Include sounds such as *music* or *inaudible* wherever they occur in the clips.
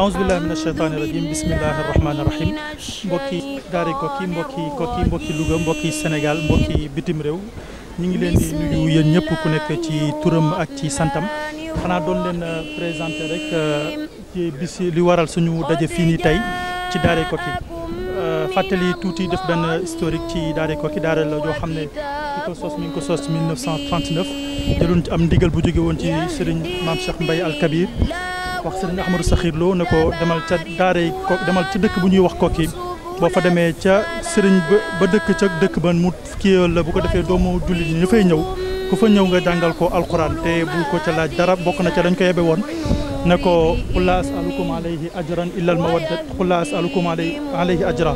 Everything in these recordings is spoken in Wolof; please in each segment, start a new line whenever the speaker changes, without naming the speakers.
aousubillahi min asheytani irajim bismillahi arrahmani irahim mbokki daari kokki mbokki kokki mbokki Louga mbokki Sénégal mbokki bitim réew ñu ngi leen di nuyu yéen ñëpp ku nekk ci turam ak ci santam xanaa doon leen euh, présenté rek euh, ci bis li waral suñu daje fii nii tey ci daari kokki euh, fàttali tuuti def benn historique ci daari kokki daara la joo xam ne ki ko sos mi ngi ko sos 1939 jëloon am ndigal bu jóge woon ci sëriñ Maam Cheikh Mbaye Al wax sëriñ Ahmadou Sakhir Lo ne ko demal ca daara yi ko demal ci dëkk bu ñuy wax kokki boo fa demee ca sëriñ ba dëkk ca dëkk ba mu kii la bu ko defee doomu jullit ñi dafay ñëw ku fa ñëw nga jàngal ko alxuraan te bu ko ca laaj dara bokk na ca dañ ko yebe woon ne ko qul laa as'alukum alayhi ajran illa al mawaddat qul laa as'alukum alayhi ajra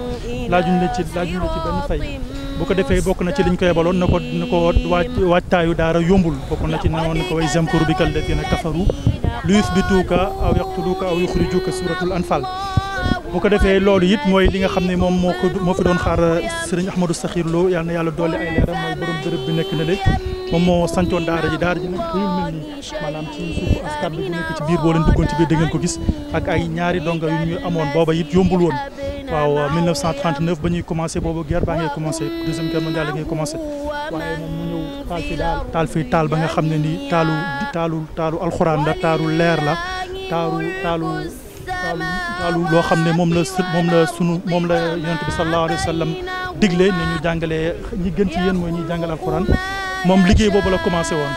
laajuñ la ci laajuñ la ci benn fay bu ko defee bokk na ci liñ ko yebaloon na ko na ko waaj waajtaayu daara yombul bokk na ci newoon na ko way zamkuru bikal ladina kafaru liyusbituuka aw yaqtuluuka aw yuxrijuuka suuratul anfal bu ko defee loolu it mooy li nga xam ne moom moo ko moo fi doon xaar euh, sëriñ Ahmadou Sakhir Lo yal na yàlla dolli ay leeram mooy borom bërëb bi nekk na léegi moom moo sancoon daara ji daara ji nag bu ñu mel nii maanaam ci suufu askan bi bu nekk ci biir boo leen duggoon ci biir da ngeen ko gis ak ay ñaari donga yu ñu amoon booba it yombul woon waaw 1939 ba ñuy commencé boobu guerre baa ngay commencé deuxième guerre mondiale la ngay commencé waaye moom mu ñëw taal taal fi taal ba nga xam ne nii taalu taalu taalu alxuraan la taalu leer la taalu taalu taalu taalu loo xam ne moom la moom sunu moom la yonent bi sallallahu alayhi wa digle ne ñu jàngalee ñi gën ci yéen mooy ñuy jàngal alxuraan moom liggéey boobu la commencé woon.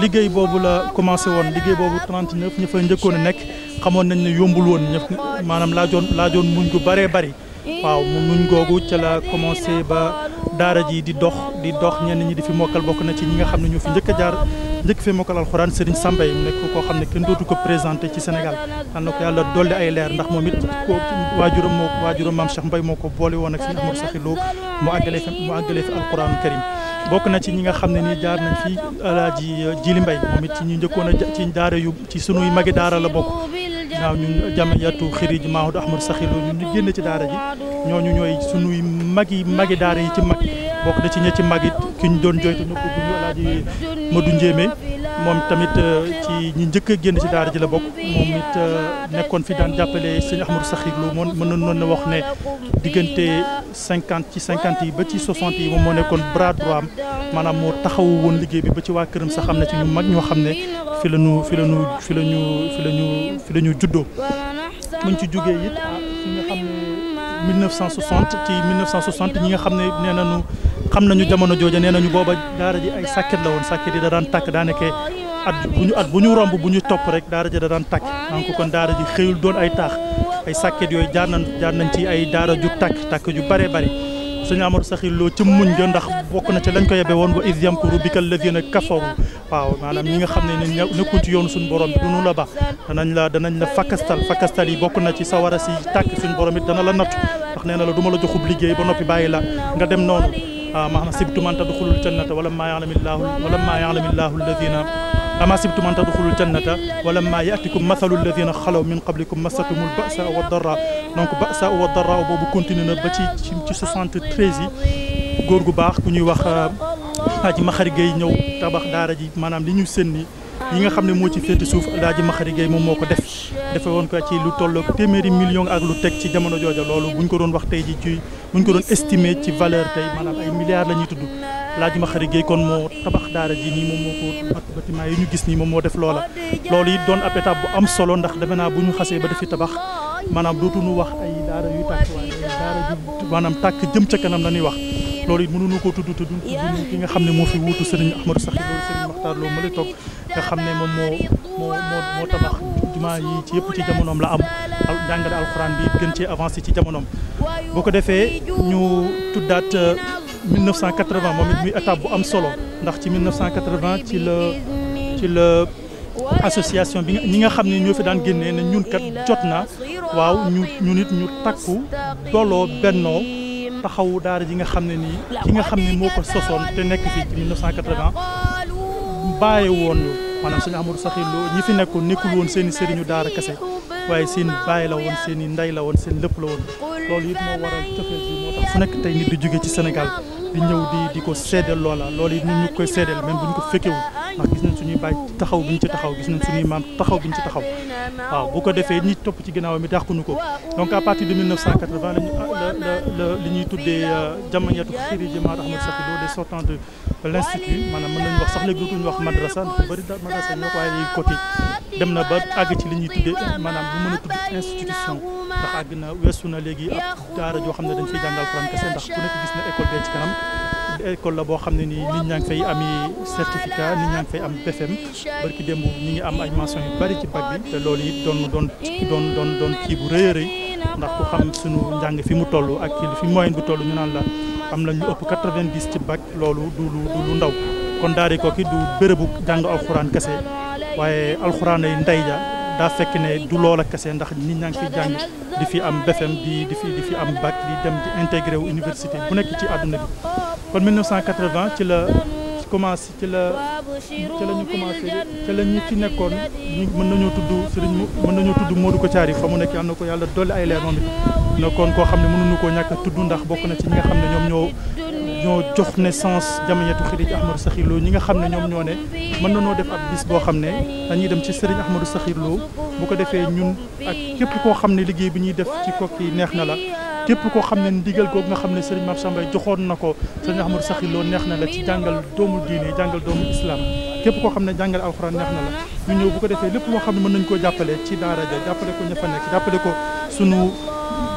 liggéey boobu la commencé woon liggéey boobu 39 ña fa njëkkoon a nekk xamoon nañ ne yombul woon ñëf maanaam laajoon laajoon muñ gu bëree bëri waaw mun googu ca la commencé ba. daara ji di dox di dox ñenn ñi di fi mokkal bokk na ci ñi nga xam ne ñoo fi njëkk jaar njëkk fi mokkal alxuraan Serigne Samba yi mu nekk koo ne kenn dootu ko présenté ci Sénégal xam na ay leer ndax moom it ko waajuram moo waajuram maam Cheikh Mbaye moo ko boole woon ak Serigne Amadou Sakhir Lo mu àggale fi mu àggale fi alxuraan karim bokk na ci ñi nga xam ne ni jaar nañ fi alaaji jiili Mbay moom ci ñu njëkkoon a ci daara yu ci sunuy magi daara la bokk waaw ñun jamiyatu xiriji Maodo Ahmadou Sakhir Lo ñun ñu génn ci daara ji ñooñu ñooy sunuy mag yi magi daara yi ci mag bokk na ci ña ci mag it ki ñu doon jooytu ñëpp bu ñu alaaji Madu Njéeme moom tamit euh, ci ñu njëkk a génn ci daara ji la bokk moom it euh, nekkoon fi daan jàppale sëñ Ahmadou Saxir Lo moom mën noon na wax ne diggante cinquante ci cinquante yi ba ci soixante yi moom moo nekkoon bras droit am maanaam moo taxawu woon liggéey bi ba ci waa këram sax xam ne ci ñu mag ñoo xam ne fi la ñu fi la ñu fi la ñu fi la fi la ñu juddoo buñ ci jógee it 1960 ci 1960 ñi nga xam ne nee nañu xam nañu jamono jooja nee nañu booba daara ji ay sàkket la woon sàkket yi da daan tàkk daanaka at ñu at bu ñu romb bu ñu topp rek daara ji da daan tàkk donc kon daara ji xëyul doon ay taax ay sàkket yooyu jaar nañ jaar nañ ci ay daara ju tàkk takk ju bare bare suñu Amadou Saxir Lo ci muñ nga ndax bokk na ci lañ ko yebe woon wa iz yamkuru bika llazina kafaru waaw maanaam ñi nga xam ne ne nekkuñ ci yoonu suñu borom bi du nu la ba danañ la danañ la yi bokk na ci sawara si tàkk suñu borom dana la nattu ndax nee na la du ma la joxub liggéey ba noppi bàyyi la nga dem noonu ah, ma sibtum an tadxulul jannata wala ma ya'lamillahu wala ma ya'lamillahu alladina ama sibtum an tadxulul jannata wala ma ya'tikum mathalu alladina xalaw min qablikum massatumul ba'sa wa darra donc ba'sa wa darra boobu continue na baax ku ñuy wax aji ah, maxari gay ñëw tabax daara ji li ñu seen yi nga xam ne moo ci féete suuf Alaaji Maxari Gueye moom moo ko def defe woon ko ci lu toll téeméeri million ak lu teg ci jamono jooja loolu buñ ko doon wax tey ji ci buñ ko doon estimé ci valeur maanaam ay milliards tudd Alaaji Maxari Gueye kon moo tabax daara ji nii moom moo ko bâtiment yi ñu gis nii moom moo def loola loolu it doon ab étape bu am solo ndax defe naa bu ñu xasee ba defi tabax maanaam dootuñu wax ay daara yu tàkk waaye daara maanaam tàkk jëm ca kanam la ñuy wax loolu yi mënuñu ko tudd tudd ki nga xam ne moo fi wuutu sëriñ Ahmadou Saxi loolu sëriñ Maxtaar loo ma la toog nga xam ne moom moo moo moo tabax jumaa yi ci yëpp ci jamonoom la am jàngale alxuraan bi gën ci avancé ci jamonoom boo ko defee ñu tuddaat 1980 euh, moom it muy étape bu am solo ndax ci 1980 ci la ci la association bi ñi nga xam ne ñoo fi daan génnee na ñun kat jot na waaw ñu ñu nit ñu takku dooloo bennoo taxawu daara ji nga xam ne nii ki nga xam ne moo ko sosoon te nekk fii ci 1980 woon maanaam suñu Amadou Sakhir Lo ñi fi nekkoon nekkul woon seen i ñu daara kese waaye seen baay la woon seen i ndey la woon seen lépp la woon loolu yi moo waral cofeel bi moo tax fu nekk tey nit di jóge ci Sénégal di ñëw di di ko seedeel loola loolu yi ñun ñu koy seedeel même bu ñu ko fekkewul ndax gis nañ suñuy baay taxaw bi ñu ci taxaw gis nañ suñuy maam taxaw bi ñu ci taxaw waaw bu ko defee ñi topp ci ginnaaw mi dàqunu ko donc à partir de 1980 la ñu la li ñuy tuddee jamono euh, xiriji Ahmadou Sakhir Lo des sortants de l'institut maanaam mën nañ wax sax léegi dootuñu wax madrasa ndax bëri da madrasa ñoo ko côté dem na ba àgg ci li ñuy tuddee maanaam bu mën a tudd institution ndax àgg na weesu na léegi ab daara joo xam ne dañ fiy jàngal Alxuraan kese ndax ku nekk gis na école la boo xam ne nii nit ñaa ngi fay ami certificat nit ñaa ngi fay am BFM barki démb ñu ngi am ay mention yu bari ci bac bi te loolu it doon doon doon doon doon kii bu rëy a rëy ndax ku xam su njàng fi mu toll ak fi moyen bi toll ñu naan la am lañu ëpp 90 ci bac loolu du lu du lu ndaw kon daa daari Koki du bërëbu jàng alxuraan kese waaye alxuraan yi ndey ja daa fekk ne du loola kese ndax nit ñaa ngi fi jàng di fi am BFEM di di fi di fi am bac di dem di intégré wu université bu nekk ci àdduna bi kon ci la. commencé ci la ci la ñu commencé ci la ñi ci nekkoon ñu mën nañoo tudd sëriñ mën nañoo tudd Modou Kotiari fa mu nekk yal na ko yàlla dolli ay leer moom it nekkoon koo xam ne mënuñu koo ñàkk a tudd ndax bokk na ci ñi nga xam ne ñoom ñoo ñoo jox naissance jamañetu xirij Ahmadou Sakhir Lo ñi nga xam ne ñoom ñoo ne mën nañoo def ak bis boo xam ne dañuy dem ci sëriñ Ahmadou Sakhir Lo bu ko defee ñun ak képp koo xam ne liggéey bi ñuy def ci kokki neex na la képp koo xam ne ndigal googu nga xam ne sëriñ Mame Samba joxoon na ko sëriñ Ahmadou Sakhir Lo neex na la ci jàngal doomu diine jàngal doomu islam képp koo xam ne jàngal alxuraan neex na la ñu ñëw bu ko defee lépp loo ne mën nañu koo jàppale ci daara ja jàppale ko ña fa ko sunu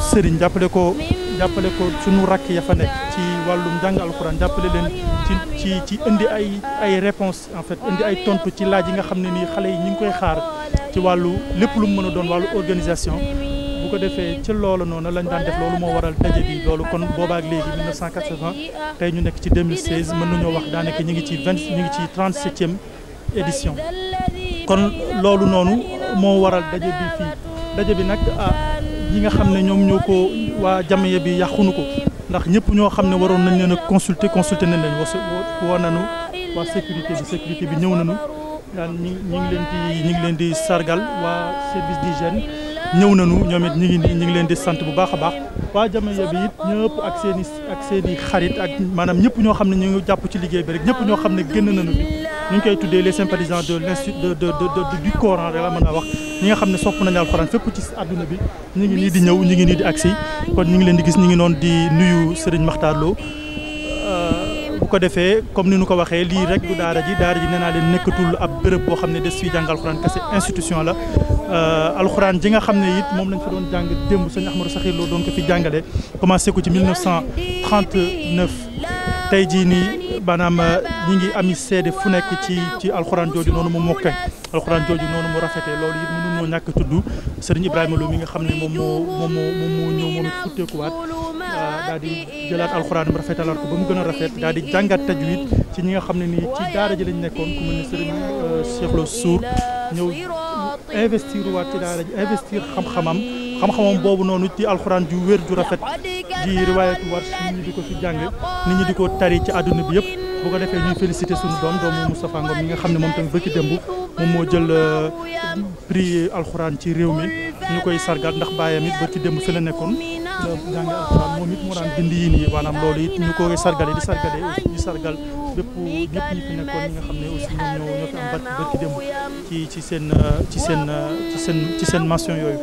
sëriñ jàppale ko jàppale ko sunu rakk ya fa nekk ci wàllum jàng alxuraan jàppale leen ci ci ci indi ay ay réponse fait indi ay tontu ci laaj yi nga xam ne nii xale yi ñu ngi koy xaar ci wàllu lépp lu mu mën a doon wàllu organisation bu ko defee ci loolu noonu lañ daan def loolu moo waral daje bi loolu kon boobaak léegi 1980 tey ñu nekk ci 2016 mën nañoo wax daanaka ñu ngi ci 20 ñu ngi ci 37e édition kon loolu noonu moo waral daje bi fii daje bi nag yi ah, nga xam ne ñoom ñoo ko waa jamiya bi yàqunu ko ndax ñëpp ñoo xam ne waroon nañ leen a consulter consulter nañ leen woo nañu waa sécurité bi ñëw nañu daan ñi ngi leen ñi ngi leen di sargal waa service d'hygiène ñëw nañu ñoom it ñu ngi ñu ngi leen di sant bu baax a baax waa Jamhiya bi it ñëpp ak i ak seen xarit maanaam ñëpp ñoo xam ne ñu ngi jàpp ci liggéey bi rek ñëpp ñoo xam ne génn nañu bi ñu ngi koy tuddee les sympathisants de l'institut de de du Coran rek la mën a wax ñi nga xam ne sopp nañu alxuraan fépp ci àdduna bi ñu ngi nii di ñëw ñu ngi nii di agsi kon ñu ngi leen di gis ñu ngi noonu di nuyu Serigne Makhtar Lo ko defee comme ni nu ko waxee lii rek du daara ji daara ji nee naa leen nekkatul ab béréb boo xam ne des fiy jàng alxuraan kese institution la euh, alxuraan ji nga xam ne it moom lañ fa doon jàng démb sëñ Ahmadou Saxir Lo doon ko jàngale commencé ko ci 1939 tey jii nii maanaam euh, ñi ngi ami seede fu nekk ci ci alxuraan jooju noonu mu mokkee alxuraan jooju noonu mu rafetee loolu it mënuñoo ñàkk tudd sëriñ Ibrahima Lo mi nga xam ne moom moo moom moo moom moo ñëw moom it waat daal di jëlaat alxuraanam rafetalaat ko ba mu gën a rafet daal di jàngat tajwid ci ñi nga xam ne nii ci daara ji lañ nekkoon ku mel ne sëriñ euh, Cheikh Lo Sour ñëw investir waat ci daara ji investir xam-xamam xam-xamam boobu noonu ci alxuraan ju wér ju rafet di riwaayatu war nit ñi di ko jàng nit ñi di ko tari ci àdduna bi yëpp bu ko defee ñuy félicité suñu doom doomu Moustapha Ngom mi nga xam ne moom tamit bëgg démb moom moo jël euh, prix alxuraan ci réew mi ñu koy sargaat ndax bàyyam it ba ci démb fi la nekkoon la jàngee alxuraan moom it mu daan bind yi nii maanaam loolu it ñu ko sargale di sargale di sargal bépp ñëpp ñi fi nga xam ne aussi ñoom ñoo ci ci seen ci seen ci seen ci seen mention yooyu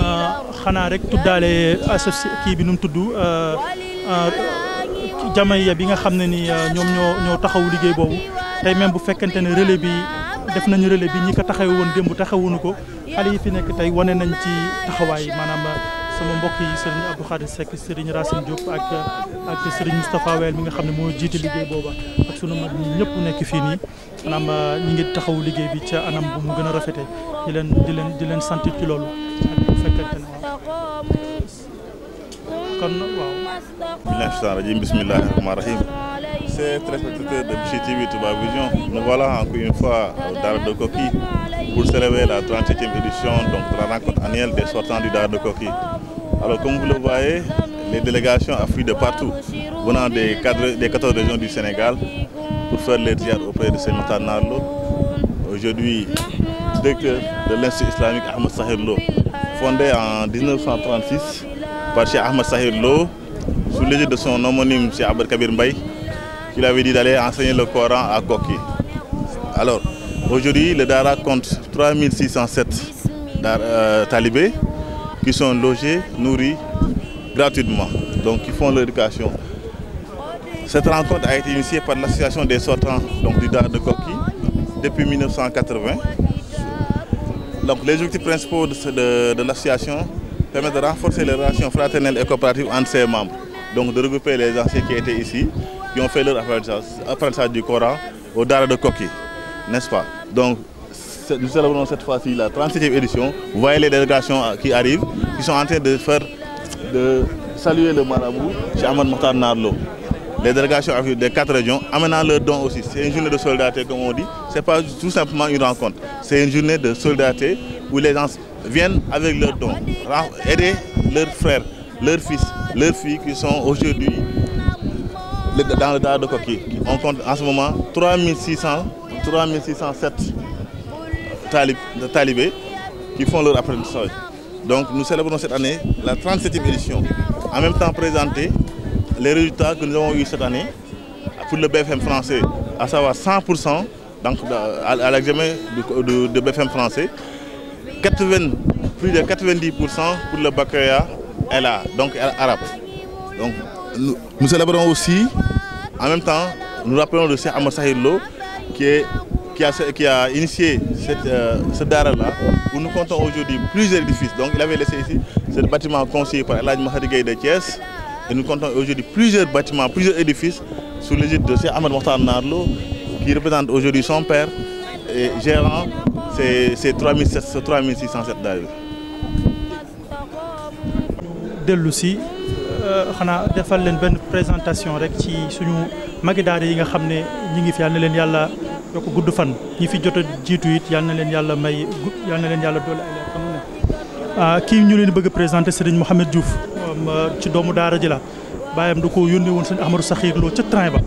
ah, xanaa rek tuddaale associé kii bi nu mu tudd ah, ah, jamaya bi nga xam ne ni ñoom ñoo ñoo taxawu liggéey boobu tey même bu fekkente ne relais bi def nañu relais bi ñi ko taxawu woon démb taxawuñu ko xale yi fi nekk tey wane nañ ci taxawaay maanaam sama mbokk yi sëriñ Abdou Khadir Seck sëriñ Racine Diop ak ak sëriñ Moustapha Wel mi nga xam ne moo jiite liggéey booba ak sunu mag ñi ñëpp nekk fii nii maanaam ñu ngi taxaw liggéey bi ca anam bu mu gën a rafete di leen di leen di leen sant ci loolu ak bu fekkente ne waaw kon waaw
billahi shaitan rajim bismillahi rahmani rahim c'est téléspectateurs de Bichri TV Vision nous voilà encore une fois au de Koki pour célébrer la 37e édition donc de la rencontre annuelle des sortants du de Koki Alors comme vous le voyez, les délégations affluent de partout, venant des, cadres, des 14 régions du Sénégal pour faire les tiers auprès de Seigneur Narlo. Aujourd'hui, directeur de l'Institut islamique Ahmed Sahir Lo, fondé en par Cheikh Ahmed Sahir sous l'égide de son homonyme Cheikh Abed Kabir Mbaye, qui lui dit d'aller enseigner le Coran à Koki. Alors, aujourd'hui, le Dara compte 3607 dar, euh, qui sont logés, nourris gratuitement, donc qui font leur éducation. Cette rencontre a été des sortants donc, du Dard de Coquille depuis 1980. Donc les objectifs de, de, de l'association permettent et coopératives entre les anciens qui étaient ici, qui ont fait nous célébrons cette fois-ci la 37e voyez les délégations euh, qui arrivent, qui sont en train de saluer le marabout chez Ahmad Mokhtar Narlo. Les délégations des quatre régions amenant leurs dons aussi. C'est une journée de solidarité, comme on dit. Ce n'est pas tout simplement une rencontre. C'est une journée de solidarité où les gens viennent avec leurs dons, aider leurs frères, leurs fils, leurs filles qui sont aujourd'hui dans le dard de coquille. On compte en ce moment talib, de talibés qui font leur apprentissage. Donc nous célébrons cette année la 37e édition. En même temps présenter les résultats que nous avons eus cette année pour le BFM français, à savoir 100% donc, à, l'examen de, BFM français, plus de 90% pour le baccalauréat LA, donc arabe. Donc nous, célébrons aussi, en même temps, nous rappelons le Cheikh Amour qui est qui a, qui a initié cette, euh, ce Dara-là, où nous comptons aujourd'hui plusieurs édifices. Donc il avait laissé ici ce bâtiment conseillé par Elhaj Mahadi de Thiès, et nous comptons aujourd'hui plusieurs bâtiments, plusieurs édifices sous l'égide de Ahmed Mokhtar Narlo, qui représente aujourd'hui son père et gérant ces 3607 d'ailleurs.
dellu si euh, xanaa defal leen benn présentation rek ci suñu magi daara xam ne ñi fi yàlla na leen yàlla yokk gudd fan ñi fi jot a jiitu it yal na leen yàlla may yal na leen yàlla doole ay ah, leer xam ne kii ñu leen bëgg a présenté Serigne Mohamed ah, ci doomu daara ji la baayam du ko yónnee woon sëñ Ahmadou Sakhir Lo ca train ba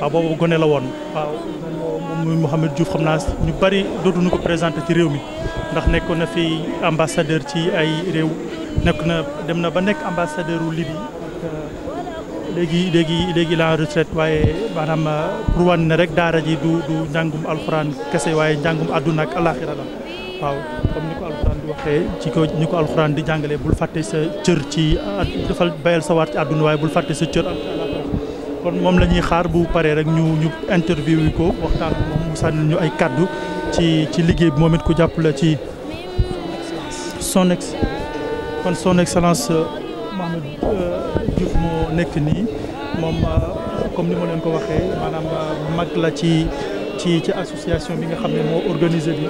waaw ah, boobu gone la woon waaw muy Mohamed juuf xam naa ñu bari dootuñu ko présenté ci réew mi ndax nekkoon na fi ambassadeur ci ay réew nekk na dem na ba nekk ambassadeur u Libye léegi léegi léegi la retraite waaye maanaam euh, pour wan ne rek daara ji du du njàngum alxuraan kese waaye njàngum àdduna ak alaxira la waaw comme ni ko alxuraan di waxee ci ko ni ko alxuraan di jàngalee bul fàtte sa cër ci defal bayal sa waat ci àdduna waaye bul fàtte sa cër kon moom la xaar bu paree rek ñu ñu interview yi ko waxtaan moom mu sànni ñu ay kàddu ci ci liggéey bi moom it ku jàpp la ci son son excellence Mouhamed euh, Diouf moo nekk nii moom euh, comme ni ma leen ko waxee maanaam euh, mag la ci ci ci association bi nga xam ne moo organisé bi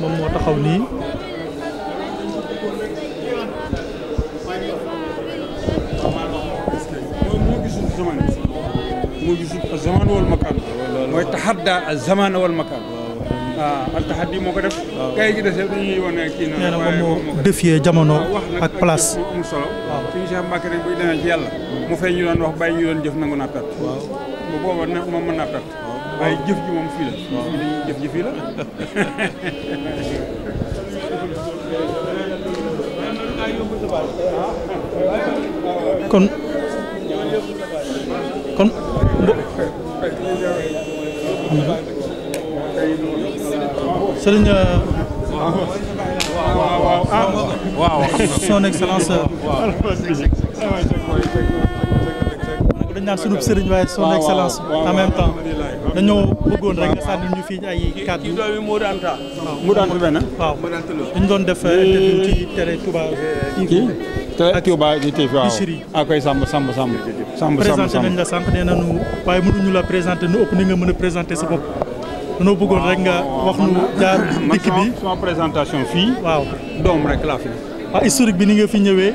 moom moo taxaw nii.
mooy taxaddaa al zamaan wal makaan a ak taxat bi moo ko def. waaw gars yi ci des yëpp kii na. nee na moom
moo défier jamono ak place.
waaw solo. waaw suñu Cheikh Mbacke rek bu demee ci yàlla. mu fay ñu doon wax bàyyi ñu doon jëf naa perte. waaw bu boobaa nag ji moom fii la.
*laughs* kon. sëriñ. Euh,
waaw waaw *laughs* son excellence. Euh,
dañ naan sunub sëriñ waaye son excellence en même temps dañoo bëggoon rek nga sànni ñu fii ay kàddu yi mu daan ta benn waaw dañ doon def euh, interview ci télé Touba
kii ak Touba di TV waaw ak ah, koy samb sàmm sàmm sàmm présenté nañ
la sànq nee nañu waaye mënuñu la présenté nu ëpp ni nga mën a présenté sa bopp danoo bëggoon rek nga wax nu jaar *coughs* dikk bi sama présentation fii waaw doom rek laa fi ah historique bi ni nga fi ñëwee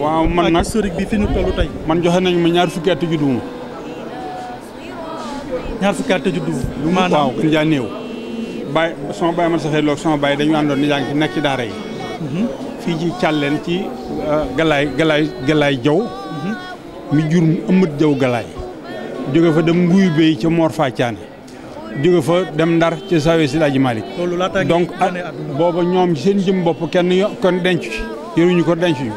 waaw man ah, nag historique bi fi ñu
tollu tey man joxe nañu ma ñaar fukki at juddu ma ñaar fukki at ma waaw gën jaa néew baay sama baay man saxee loog sama baay dañu àndoon ni yaa ngi ci nekk ci daara yi
mhm.
fii ci càlleen ci galaay euh, galaay galaay jaw mhm. mi jur mu ëmmat jaw galaay jóge fa dem nguy béy ca Mor Fatiane jóge fa dem ndar ci sawe si Laaji Malick donc booba ñoom seen jëm bopp kenn kon denc ci yoruñu ko denc ñu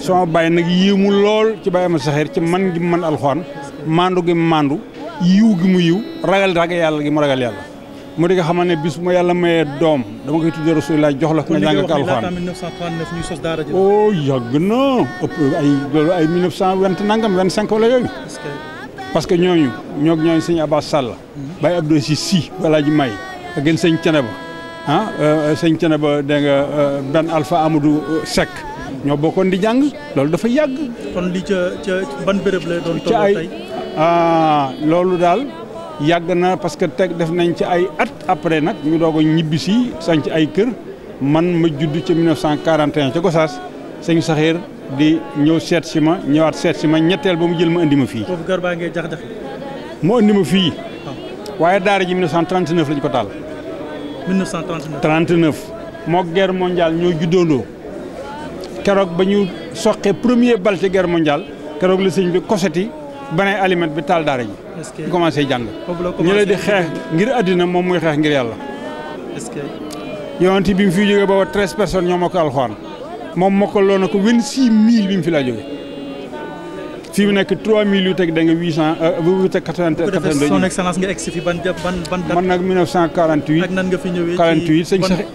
sama bàyyi nag yéemu lool ci bàyyi ma saxeer ci man gi man alxuraan maandu gi maandu yiw gi mu yiw ragal ragal yàlla gi mu ragal yàlla mu di nga xamal ne bis mu yàlla mayee doom dama koy tuddee rasulillah jox la nga jàng ko
alxuraan
oh yàgg na ëpp ay loolu ay 1920 nangam 25 wala yooyu parce que ñooñu ñoo ñooñu sëñ Abbas Sall. Baye Abdou si si balaa ji may ak gën sëñ Cene ba ah euh, euh, sëñ Cene ba dégg nga euh, benn Alpha Amadou Seck ñoo bokkoon di jàng loolu dafa yàgg. kon li ca ca ban béréb la doon ah, loolu daal yàgg na parce que teg def nañ ci ay at après nag ñu doog a ñibbi si sañ ci ay kër man ma judd ca 1941 ca Gosaas sëñ Saxiir di ñëw seet si ma ñëwaat seet si ma ñetteel ba mu jël ma indi ma fii.
foofu garbaa ngay jax jaxi
mu indi ma fii. Ah. waaye daara ji 1939 lañ ko taal.
1939
39. moo guerre mondiale ñoo juddoondoo keroog ba ñu soqe premier bal ci guerre keroog la sëñ bi koseti beneen aliment bi taal daara ji. est-ce que commencé jàng. ñu la di xeex ngir àddina moom muy xeex ngir yàlla.
est-ce que.
bi mu fi jógee booba treize personnes ñoo ma ko alxuraan. moom mokkaloon na ko vingt-six mille bi mu fi laa jóge fii mu nekk trois mille yu teg da nga huit cent bu euh, teg quatre-vingt-deux son excellence nga egsi fi ban ban ban man nag mille neuf cent quarante-huit nan nga fi ñëwee quarante-huit sëñ sax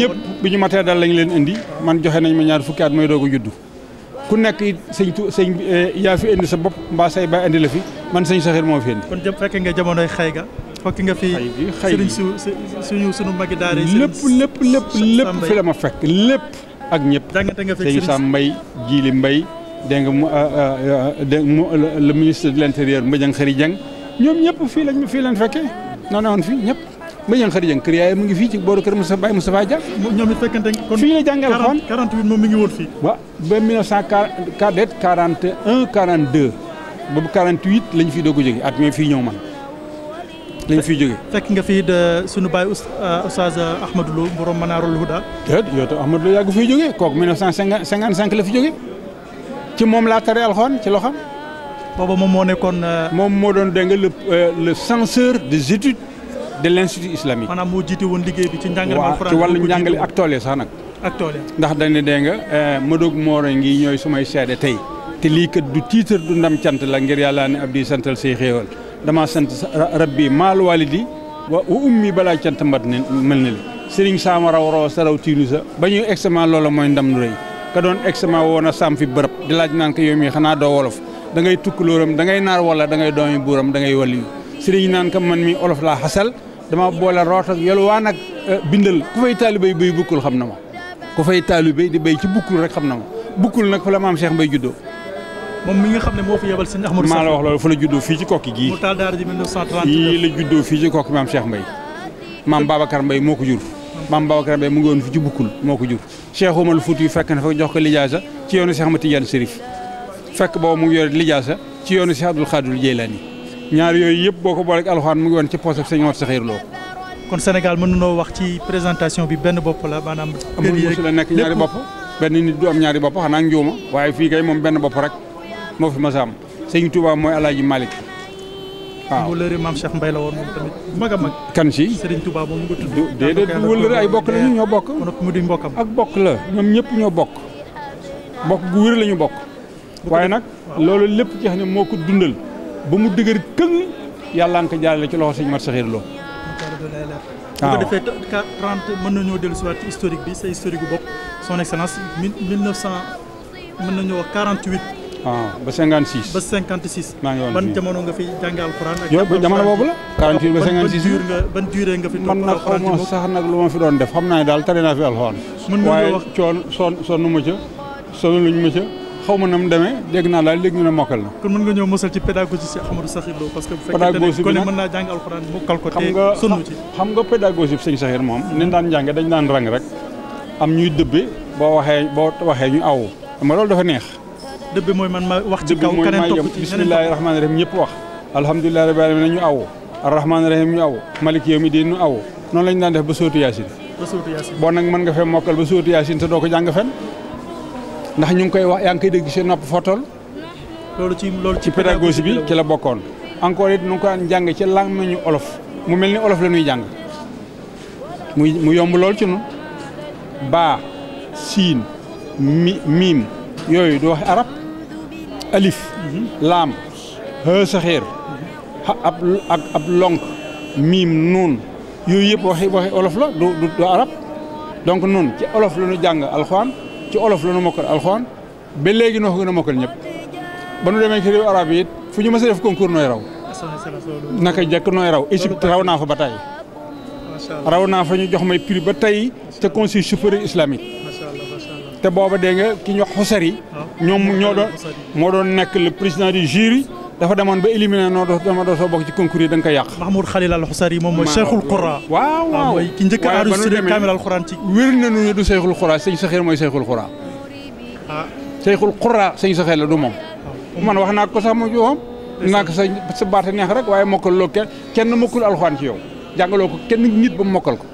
ñëpp bi ñu matee dal lañ leen indi man joxe nañ ma ñaar fukki at may doog a juddu ku nekk it sëñ tu sëñ euh, yaa fi indi sa bopp mbaa say ba indi la fi man sëñ saxir moo fi indi
kon jëm fekke nga jamonoy xëy ga fokk nga fi xëy bi suñu suñu magi daara lépp lépp lépp lépp fi la
ma fekk lépp ak ñëpp sëñ Sam Mbaye Jili Mbaye dégg nga mu euh, euh, euh, le ministre de l' intérieur Mbadiang Khary Dieng ñoom ñëpp fii lañ fii lañ fekkee noonu woon fii ñëpp Mbadiang Khary Dieng kër yaay mu ngi fii ci booru kër Moussa Baye Moustapha Dia ñoom it fekkante kon fii la jàngal xoon 48 moom mi ngi woon fii waaw ba 1941
42 boobu 48 lañ fi doog a jóge at mi fii ñëw ma lañ fi jóge fekk nga fi sunu baay euh, Oustaz euh, Ahmadou Lo borom Manaarul Huda. déet yow tam Ahmadou Lo yàgg fiy jóge kooku 1955 la fi jóge ci moom
laa tare alxoon ci loxam. booba moom moo nekkoon. Euh, moom moo doon denga lëpp le le censeur des études de l' institut islamique.
maanaam moo jiite woon liggéey bi ci njàngale. waaw ci wàllu njàngale
ak tool yi sax nag. ak tool yi ndax dañ ne dégg ma Madoog Mooro ngi ñooy sumay seede tey. te lii kat du tiitar du ndam cant la ngir yàlla ne ab di santal say xéewal dama sant rabbi maal walidi wa ummi balaa cant mbat ne mel ne li sëriñ saama raw raw sa raw tiinu sa ba ñuy exement loola mooy ndam lu rëy ka doon exement woon a saam fi bërëb di laaj naan ko yow mi xanaa doo wolof dangay ngay dangay naar wala da ngay doomi buuram da ngay wali sëriñ naan ko man mi olof laa xasal dama boole root ak waa nag eh, bindal ku fay taalibéy bay bukkul xam na ma ku fay taalibéy di béy ci bukkul rek xam na ma bukkul nag fa maam Cheikh Mbay juddoo
moom mi nga xam ne moo fi yebal sëñ Ahmadou maa la wax loolu fa la
juddoo fii ci kokki gii mu la juddoo fii ci kokki maam Cheikh Mbaye maam Babacar Mbaye moo ko jur maam Babacar Mbaye mu ngi woon fi ci bukkul moo ko jur Cheikh Oumar Fouti fekk na fa jox ko lijaasa ci yoonu Cheikh Ahmad Tidiane Chérif fekk boobu mu ngi yore lijaasa ci yoonu Cheikh Abdoul Khadir Jeylani ñaar yooyu yëpp boo ko booleeg alxuraan mu ngi woon ci poosam sëñ Mor Saxiir Lo
kon Sénégal mën noo wax ci présentation bi benn bopp la maanaam amul mosu la nekk ñaari bopp
benn nit du am ñaari bopp xanaa njuuma waaye fii kay moom benn bopp rek moo fi masaam sëñ Touba mooy alaaji Malick
waaw wëllëre maam Cheikh Mbaye la woon a mag. kan si Serigne Touba moom nga ay bokk la ñu ñoo bokk.
mu di mbokkam ak bokk la ñoom ñëpp ñoo bokk. bokk gu wér lañu bokk. waaye nag loolu lépp ci xam ne moo ko dundal ba mu dëgër këng yàlla nga ko jaarale ci loxo sëñ Mat Saxiir Lo.
waaw bu ko mën nañoo dellu si waat ci bi sa historique bu son excellence 1900 mën nañoo wax
ah ba 56. ba 56. maa ngi woon ban jamono
nga fi jàngal alxuraan ak. yow jamono boobu
la. 48 ba 56
ban durée nga fi topp man nag xaw ma
sax nag lu ma fi doon def xam naa ne daal tare naa fi alxuraan. waaye coon son sonn ma ca sonnaluñ ma ca na mu demee dégg naa daal léegi ñu ne mokkal na. kon xam nga pédagogie bi sëñ Sakhir moom. ni daan jànge dañ daan rang rek am ñuy dëbbe boo waxee boo waxee ñu aw xam nga loolu dafa neex dëbb mooy man ma wax ci kaw keneen topp ci bismillahi rahmaani rahim ñëpp wax alhamdulilahi rabbil alamin ñu aw arrahmaani rahim ñu aw malik yawmi diin ñu aw noonu lañu def ba sóotu yaasin ba sóotu yaasin bon nag mën nga fee mokkal ba sóotu yaasin te ndax ñu ngi koy wax yaa ngi koy dégg seen loolu ci loolu ci pédagogie bi ci la bokkoon encore it nu ngi ko daan jàng ci làmmiñu olof mu mel ni olof la ñuy jàng mu yomb lool ci nu baa yooyu di wax arab alif laam hë saxiir ab ak ab lonk miim nuun yooyu yëpp waxi waxi olof la du du arab donc nun ci olof la ñu jàng alxuraan ci olof la ñu mokkal alxuraan ba léegi noo ko gën a mokkal ñëpp ba nu demee ci réew arab fu ñu mës a def concours nooy raw naka jekk nooy raw Égypte raw naa fa ba tey raw naa fa ñu jox may prix ba tey ca conseil supérieur islamique te booba dee nga ki ñu wax Xusari ñoom ñoo doon moo doon nekk le président du jury dafa demoon ba éliminé noo do dama doo soo bokk ci concours yi da nga koy yàq Mahmoud
Khalil al Xusari moom mooy Cheikhul Qur'an waaw waaw mooy ki njëkk a enregistré kaamil al Qur'an ci wér na
nu du Cheikhul Qur'an sëñ Saxiir mooy Cheikhul Qur'an ah. Cheikhul Qur'an sëñ Saxiir la du moom ah. man wax naa ko sax mu joxam naa ko sa sa baata neex rek waaye mokkal loo kenn kenn mokkul alxuraan ci yow jàngaloo ko kenn nit ba mokkal ko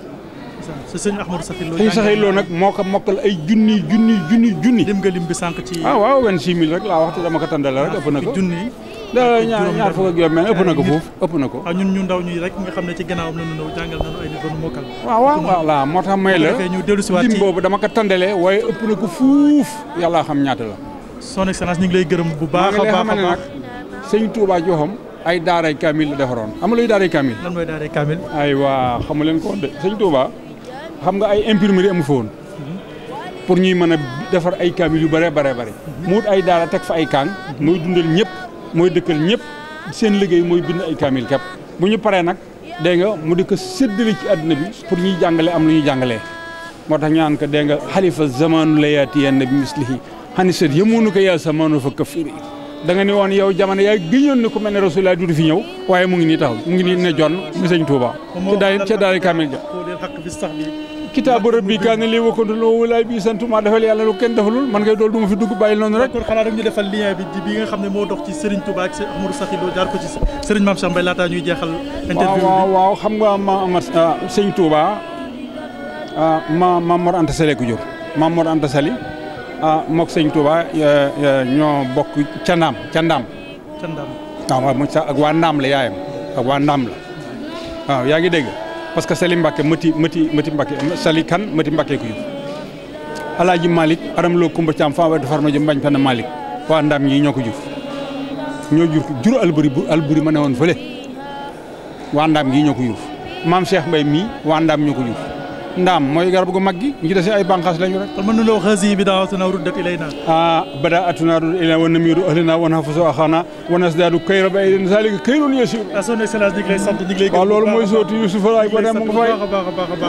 sa sëñ Ahmadou Sakhir
nag moo ko mokkal ay junni junni junni junni lim bi sànq ci ah waaw vingt-six rek laa wax te
dama ko tàndale rek ëpp na ko junni da ñaar ñaar fukk ko foofu ëpp ko ah, ñun ñu ndaw ñi rek nga xam ne ci gannaawam la ñu ñëw jàngal nañu ay nit ba ñu mokkal waaw
waaw dama ko tàndale waaye ëpp ko fuuf yàlla xam ñaata la son excellence ñu ngi lay gërëm bu baax a baax nag sëñ Touba joxam ay daaray kaamil la defaroon amuloy daaray kaamil lan mooy daaray kaamil ay waa xamu leen ko de sëñ Touba xam nga ay imprimerie amu fa woon pour ñuy mën a defar ay kaamil yu bare bare bare mu wut ay daara teg fa ay kaang mooy dundal ñëpp mooy dëkkal ñëpp seen liggéey mooy bind ay kaamil kepp bu ñu paree nag dégg nga mu di ko séddale ci àdduna bi pour ñuy jàngale am lu ñuy jàngalee moo tax ñu naan dee nga xalifa zamanu la yaati yenn bi mislihi xani sët yëmoonu ko yaa zamanu fa kafiri da nga woon yaw jamono yaay gëñoon ne ku mel ne rasulullah du fi ñëw waaye mu ngi nii taxaw mu ngi nii ne jonn mi sëñ kitaabu rabbi kaane lii
wakkantu loo walaay bi santuma defal yàlla lu kenn defalul man ngay dool du ma fi dugg bàyyi noonu rek kon xanaa rek ñu defal lien bi bi nga xam ne moo dox ci Serigne Touba ak Amadou Sakhir Lo jaar ko ci Serigne xam nga ma
Amar ah, Serigne Touba ah, ma Mame Mor Anta Sali ko jur Mame Mor Anta Sali ah mook Serigne eh, eh, ñoo bokk ca Ndaam ca Ndaam ca Ndaam ah, waaw waaw mu sax ak la yaayam ak waa ngi parce que Sali Mbacke mëti mëti mëti Mbacke Sali kan mëti Mbacke ko yóbbu Alaaji Malick Aram Lo Kumba Thiam Fama Wade Mbañ Penda Malick waa Ndam ñii ñoo ko jur ñoo jur jur alburi bu alburi ma ne woon fële waa Ndam ñii ñoo ko maam Cheikh Mbaye mii waa Ndam ñoo ko ndaam mooy garab gu mag gi ay bànqaas lañu rek. kon mën nañoo wax xaasi bi daaw atunaa ruddat ilayna. ah bada atunaa ruddat ilayna wa namiru ahlina wa nahfasu axana wa nasdaadu kayra bi aydina zalika kayrun yasir. son excellence loolu mooy sooti Youssouf Laye boo dem mu ngi